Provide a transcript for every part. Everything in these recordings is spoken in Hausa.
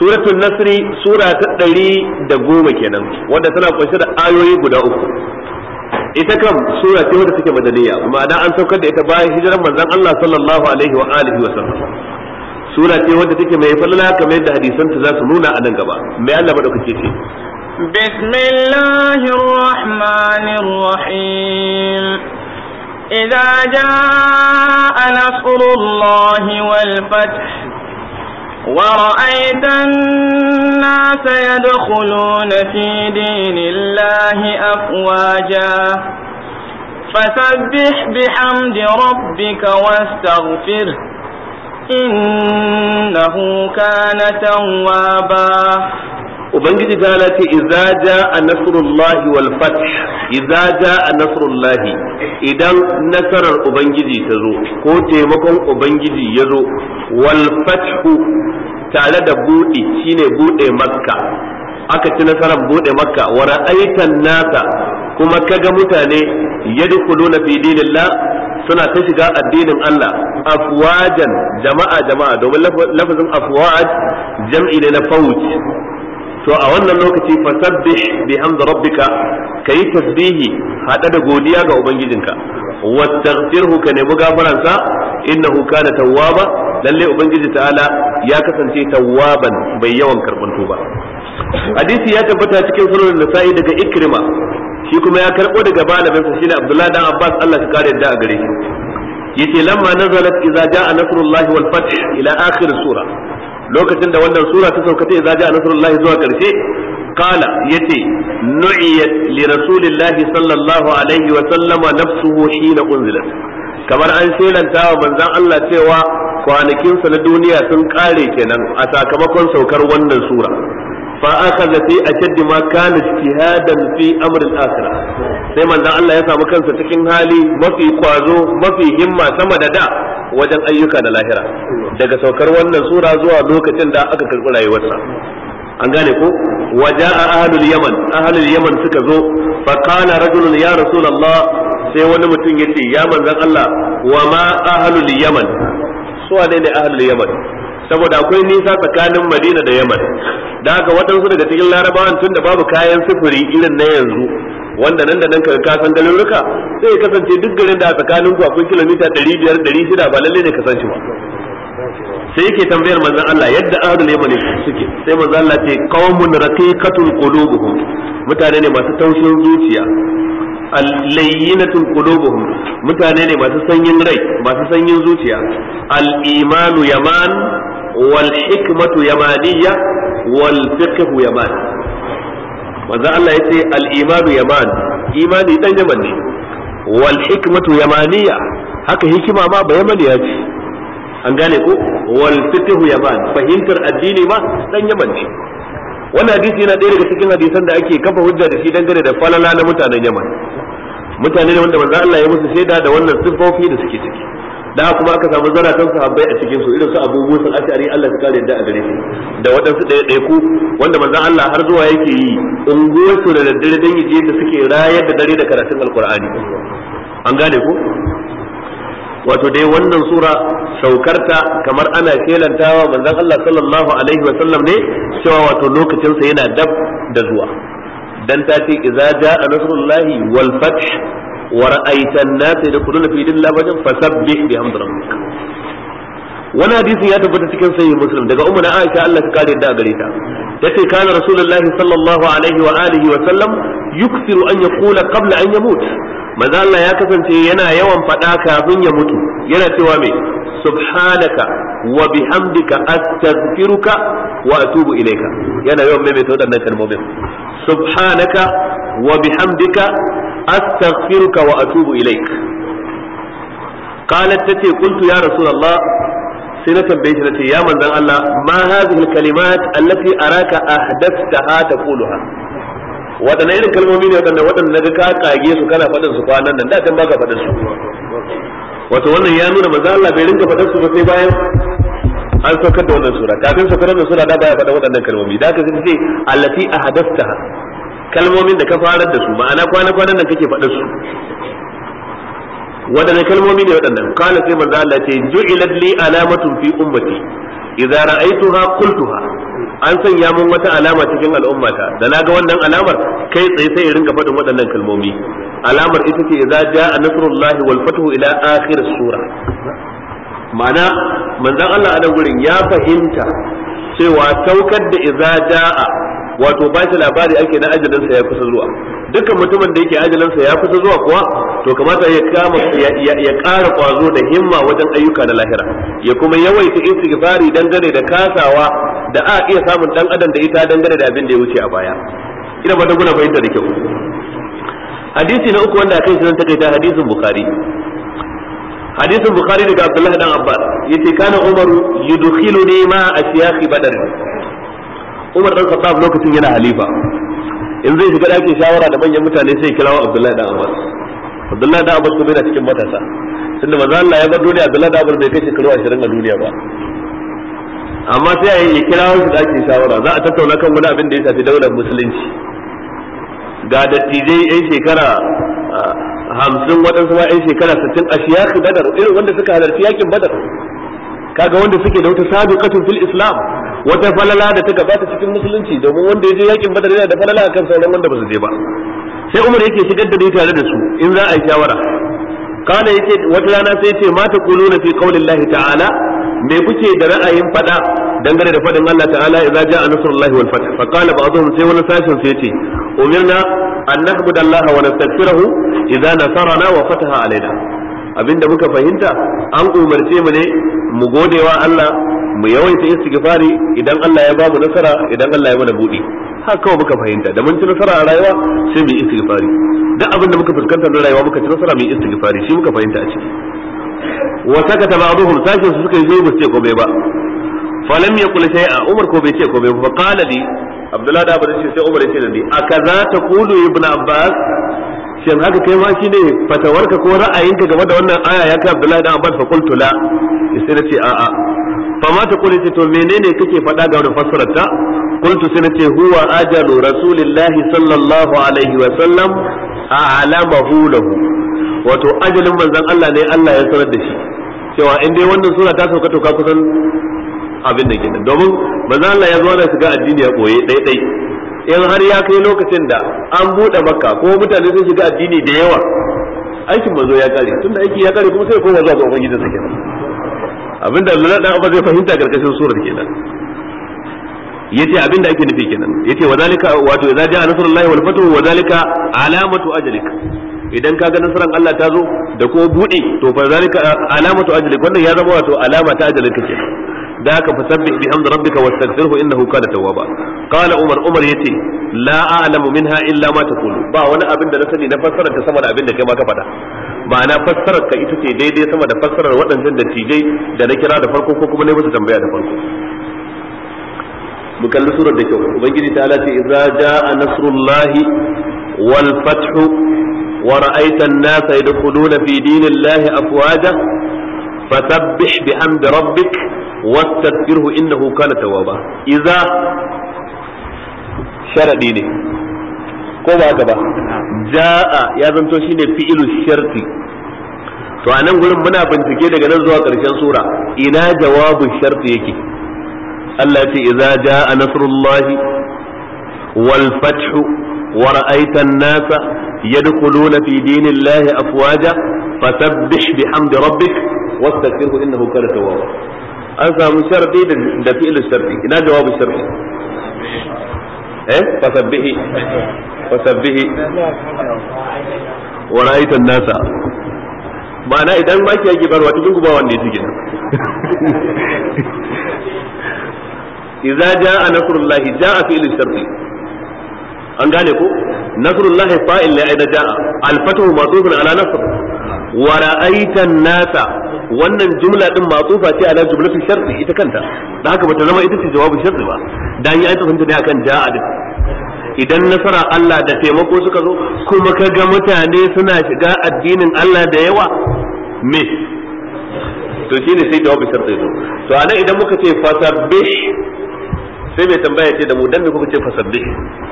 suratul nasri sura ta ɗari da goma kenan wanda tana kunshe da ayoyi guda uku ita kam sura ce wadda take madaniya ma'ana an saukar da ita bayan hijiran manzon Allah sallallahu alaihi wa alihi wa sallam sura ce wadda take mai falala kamar yadda hadisan ta za su nuna a nan gaba mai Allah madaukake ce bismillahir rahmanir rahim idza jaa nasrullah ورأيت الناس يدخلون في دين الله أفواجا فسبح بحمد ربك واستغفره إنه كان توابا ubangiji ta ce idza jaa nasrullahi wal fath idza jaa nasrullahi idan nasarar ubangiji ta zo ko taimakon ubangiji ya zo wal fathu tare da buɗe shine buɗe makka aka ci nasarar buɗe makka wa ra'aitan nasa kuma kaga mutane yadkhuluna fi dinillah suna ta shiga addinin Allah afwajan jama'a jama'a domin lafazin afwaj jam'i ne na fawj to a wannan lokaci fasabbih bihamdi rabbika kayi tasbihi hada da godiya ga ubangijinka wastaghfirhu ka nemi gafaransa innahu kana tawwaba lalle ubangiji ta'ala ya kasance tawwaban bai yawan karban tuba hadisi ya tabbata cikin sunan nasa'i daga ikrima shi kuma ya karbo daga malamin sa shine abdullahi dan abbas Allah ya kare da a gare shi yace lamma nazalat idza jaa nasrullahi wal fath ila akhir sura lokacin da wannan sura ta sauka ta idza ja'a nasrullahi zuwa karshe qala ce, nu'iyat li rasulillahi sallallahu alaihi wa sallama nafsuhu na unzilat kamar an shelanta wa manzan Allah cewa kwanakinsa na duniya sun kare kenan a sakamakon saukar wannan sura fa akhadha fi ashadd ma kana ijtihadan fi amr al sai manzon Allah ya samu kansa cikin hali mafi kwazo mafi himma sama da da wajen ayyuka na lahira daga saukar wannan sura zuwa lokacin da aka karɓi rayuwarsa an gane ko a ahlul yaman ahlul yaman suka zo fa qala rajulun ya rasulullah sai wani mutum yace ya manzon Allah wa ma ahlul yaman su wane ne ahlul yaman saboda akwai nisa tsakanin Madina da Yaman da haka waɗansu daga cikin Larabawan tun da babu kayan sufuri irin na yanzu wanda nan da nan ka ka san garuruka sai kasance duk garin da a tsakanin ku akwai kilomita 500 600 ba lalle ne ka san shi ba sai yake tambayar manzon Allah yadda ahlul yamani suke sai manzon Allah ce qaumun raqiqatul qulubuhum mutane ne masu taushin zuciya allayyinatul qulubuhum mutane ne masu sanyin rai masu sanyin zuciya al-imanu yaman wal hikmatu yamaniyya wal fiqhu yaman manzo Allah yace al-imanu yaman imani dan yaman ne wal hikmatu yamaniya haka hikima ma ba ya ce an gane ko wal fiqhu yaman fahimtar addini ma dan yaman ne wannan hadisi yana daya daga cikin hadisan da ake kafa hujja da shi dangane da falala na mutanen yaman mutane ne wanda manzo Allah ya musu shaida da wannan sifofi da suke ciki da kuma aka samu zaratan sahabbai a cikin su irin su Abu Musa al-Ash'ari Allah ya kare a gare shi da waɗansu ɗaya daya ku wanda manzon Allah har zuwa yake yi unguwar su da daddare dan yaje da suke rayar da dare da karatun alqur'ani an gane ko wato dai wannan sura saukarta kamar ana kelantawa manzon Allah sallallahu alaihi wa sallam ne cewa wato lokacin sa yana dab da zuwa dan ta ce idza jaa nasrullahi wal fath wa ra'aitan nas yadkhuluna fi dinillahi wajen fasabbih bihamdi rabbika wani hadisin ya tabbata cikin sahih muslim daga ummu na aisha Allah ta kare da gare ta tace kana rasulullahi sallallahu alaihi wa alihi wa sallam yuksiru an yaqula qabla an yamut manzo Allah ya kasance yana yawan fada kafin ya mutu yana cewa me subhanaka wa bihamdika astaghfiruka wa atubu ilayka yana yawan maimaita wadannan kalmomin subhanaka wa bihamdika astaghfiruka wa atubu ilaik qalat tace qultu ya rasulullah sai na tambaye shi nace ya manzon Allah ma hadhihi alkalimat allati wadanne irin kalmomi ne wadanne wadanne naga ka kage su kana fadin su kwanan nan da kan baka fadin su wato wannan ya nuna manzon Allah bai rinka fadin su ba sai bayan an saukar da wannan sura kafin saukar da sura da baya faɗa waɗannan kalmomi da aka sai allati ahdathtaha kalmomin da ka fara da su ma'ana kwana kwanan nan kake faɗa su waɗannan kalmomi ne waɗannan kana sai manzo Allah ce ju'ilat li alamatun fi ummati idza ra'aytuha qultuha an sanya mun wata alama cikin al'ummata da naga wannan alamar kai tsaye sai in ringa faɗin waɗannan kalmomi alamar ita ce idza ja'a nasrullahi wal fathu ila akhir sura ma'ana manzon Allah a gurin ya fahimta cewa saukar da idza ja'a wato ba shi labari ake na ajalinsa ya kusa zuwa dukkan mutumin da yake ajalinsa ya kusa zuwa kuwa to kamata ya kama ya ƙara kwazo da himma wajen ayyuka na lahira ya kuma yawaita istighfari dangane da kasawa da a iya samun dan adam da ita dangane da abin da ya wuce a baya ina ba guna fahimta da kyau hadisi na uku wanda akai shi nan takaita hadisin bukhari hadisin bukhari daga abdullahi dan abbas yace kana umaru yudkhiluni ma asyaqi badar Umar dan Khattab lokacin yana halifa in zai shiga ɗakin shawara da manyan mutane sai kirawo Abdullahi dan Abbas Abdullahi dan Abbas kuma yana cikin matasa tunda manzo Allah ya bar duniya Abdullahi dan Abbas bai kai shekaru 20 a duniya ba amma sai ya kirawo shi ɗakin shawara za a tattauna kan wani abin da ya shafi daular musulunci ga dattijai yan shekara ah, hamsin waɗansu ma yan shekara sittin a shiyaku badar irin wanda suka halarci yakin badar kaga wanda suke da wata sabiqatun fil islam wata falala da ta gabata cikin musulunci domin wanda ya je yakin badar yana da falala akan sauran wanda ba su je ba sai umar yake shigar da dai tare da su in za a yi shawara kana yake wata rana sai yace ma taquluna fi qaulillahi ta'ala me kuke da ra'ayin fada dangane da fadin Allah ta'ala idza ja'a nasrullahi wal fath fa qala ba'dhum sai wani sashin sai yace umirna an nahmudallaha wa nastaghfiruhu idza nasarana wa fataha alaina abinda muka fahimta an umarce mu ne mu godewa Allah mu yawaita istighfari idan Allah ya bamu nasara idan Allah ya mana buɗi haka kawai muka fahimta da mun ci nasara a rayuwa sai mu yi istighfari duk abin da muka fuskanta na rayuwa muka ci nasara mu yi istighfari shi muka fahimta a ciki wa sakata ba'dhum sashin su suka yi zai ba ce ko bai ba falam yaqul shay'a umar ko bai ce ko bai ba qala li abdullahi da abin sai umar ya ce da ni akaza taqulu ibnu abbas shin haka kai ma shi ne fatawarka ko ra'ayinka game da wannan aya ya kai Abdullahi da Abbas fa qultu la sai na ce a'a fa ma ta kula ce to menene kake faɗa ga da fassarar ta kuntu sai na ce huwa ajalu rasulillahi sallallahu alaihi wa sallam a'lamahu lahu wato ajalin manzon Allah ne Allah ya sanar da shi cewa in dai wannan sura ta sauka to ka kusan abin da kenan domin manzon Allah ya zo da shiga addini ya koye dai dai in har ya kai lokacin da an buɗe makka ko mutane sun shiga addini da yawa aikin mazo ya kare tunda aiki ya kare kuma sai ko zuwa ga ubangijinsa kenan abinda Abdullahi dan ba zai fahimta karkashin surar kenan yace abinda ake nufi kenan yace zalika wato idza jaa nasrullahi wal fatu wadalika alamatu ajlik idan ka ga nasaran Allah ta zo da ko bude to fa zalika alamatu ajlik wannan ya zama wato alama ta ajalin kenan da haka fasabbih bi hamdi rabbika wastaghfirhu innahu kana tawwaba qala umar umar yace la a'lamu minha illa ma taqulu ba wani abin da na sani na fassarar ta sama da abin da kai ma ka Ba ma'ana fassarar ka ita ce daidai sama da fassarar waɗancan dattijai da na kira da farko ko kuma na musu tambaya da farko mu kalli surar da kyau ubangiji ta ce idza jaa nasrullahi wal fathu wa ra'aita an-nasa yadkhuluna fi dinillahi afwaja fasabbih bihamdi rabbika wastaghfirhu innahu kana tawwaba idza sharadi ne ko ba haka ba jaa ya zanto shine fi'ilu sharti to anan gurin muna bincike daga nan zuwa karshen sura ina jawabu sharti yake Allah ce idza jaa nasrullahi wal fathu wa ra'aita an-nasa yadkhuluna fi dinillahi afwaja fasabbih bihamdi rabbik wastaghfirhu innahu kana tawwaba an samu sharadi da fi'il sharadi ina jawabu sharadi eh fasabbihi fasabbihi wa ra'aitan nasa ma'ana idan ba ki yake barwa cikin guba wanda yake gina idza jaa nasrullahi jaa fi'il sharadi an gane ko nasrullahi fa'il la ida jaa al-fathu madhufun ala nasr wa ra'aitan nasa wannan jumla din matsufa ce ala jumlatu sharti ita kanta da haka bata zama ita ce jawabu sharti ba dan yi aita ne akan ja'a da idan nasara Allah da taimako suka zo kuma ka ga mutane suna shiga addinin Allah da yawa me to shine sai jawabu sharti zo to anan idan muka ce fasabbih sai mai tambaya ce da mu dan me kuka ce fasabbih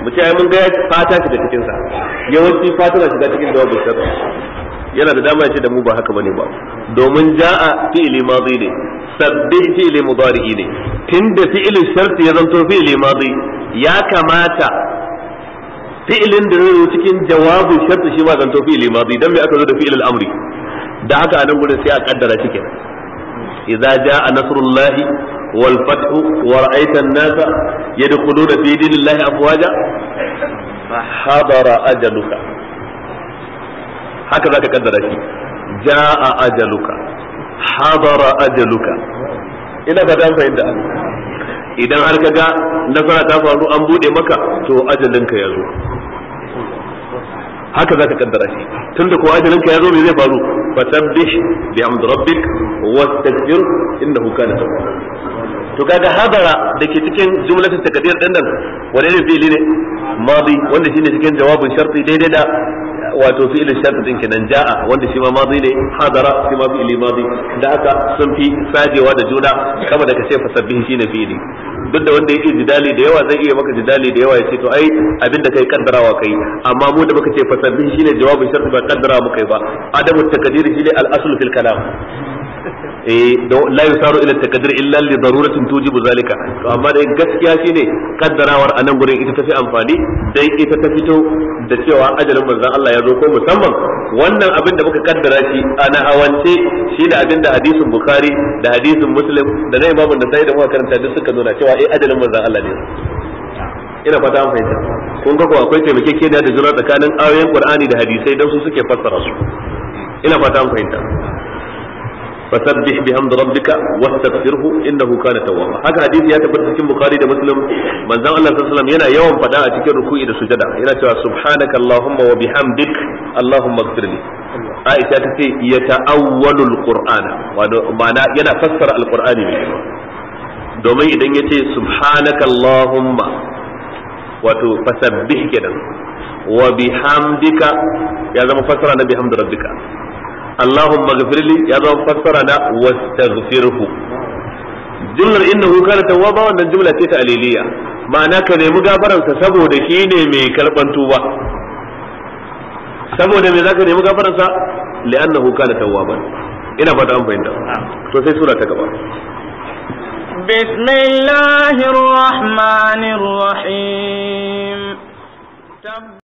mu ce ai mun ga fata shiga cikin sa yawanci fata na shiga cikin jawabu sharti yana da dama ce da mu ba haka bane ba domin ja'a fi'li madi ne sabbih fi'li mudari ne tunda fi'li sharti ya zanto fi'li madi ya kamata fi’ilin da zai cikin jawabu sharti shi ma zanto fi'li madi dan me aka zo da fi'l al-amri da haka anan gurin sai a kaddara shi kenan idza ja'a nasrullahi wal fathu wa ra'aita an-nasa yadkhuluna fi dinillahi afwaja fa hadara ajaluka haka zaka kaddara shi jaa ajaluka hadara ajaluka ina ka dan fahimta idan har ka ga nasara ta faru an bude maka to ajalinka ya zo haka zaka kaddara shi tunda ko ajalinka ya zo me zai faru fatabbish bi amr rabbik wastaghfir innahu kana to kaga hadara da ke cikin jumlatin takaddir din nan wani ne fili ne madi wanda shine cikin jawabin sharti daidai da wato ilin shafi din kenan ja'a wanda shi ma mazi ne hadara shi ma fi'il mazi da aka sun fi sajewa da juna kama da ce fasabbih shi ne fi'ili duk da wanda ya yake jidali da yawa zai iya maka jidali da yawa ya ce to ai abinda kai kaddarawa kai amma mu da muka ce fasabbin shi ne jawabin shafi ba kaddara muka yi ba adamu takadiri shi ne al aslu fil kalam eh la yusaru ila taqdir illa li daruratin tujibu zalika to amma dai gaskiya shine kaddarawar anan gurin ita tafi amfani dai ita ta fito da cewa ajalin manzon Allah ya zo ko musamman wannan abin da muka kaddara shi ana awance shi da abin da hadisin bukhari da hadisin muslim da na imamu da sai da muka karanta duk suka nuna cewa eh ajalin manzon Allah ne ina fata an fahimta kun ga ko akwai taimakekeniya da juna tsakanin ayoyin qur'ani da hadisai dan su suke fassara su ina fata an fahimta fasabbih bihamdi rabbika wastaghfirhu kuka na tawwaba haka hadisi ya tabbata cikin bukhari da muslim manzon Allah sallallahu yana yawan fada a cikin ruku'i da sujada yana cewa subhanaka allahumma wa bihamdik allahumma ighfirli Aisha ta ce ya ta'awwalu alqur'ana wato yana fassara ne domin idan yace subhanaka allahumma wato fasabbih kenan wa bihamdika ya zama fassara na bihamdi rabbika Allahumma ghafirli ya zama fassara na wastaghfirhu jumlar innahu kana tawwaba wannan jumla ce ta aliliya ma'ana ka nemi gafaransa saboda shi ne mai karban tuba saboda me zaka nemi gafaransa li'annahu kana tawwaban ina fata an fahimta ta gaba بسم الله الرحمن الرحيم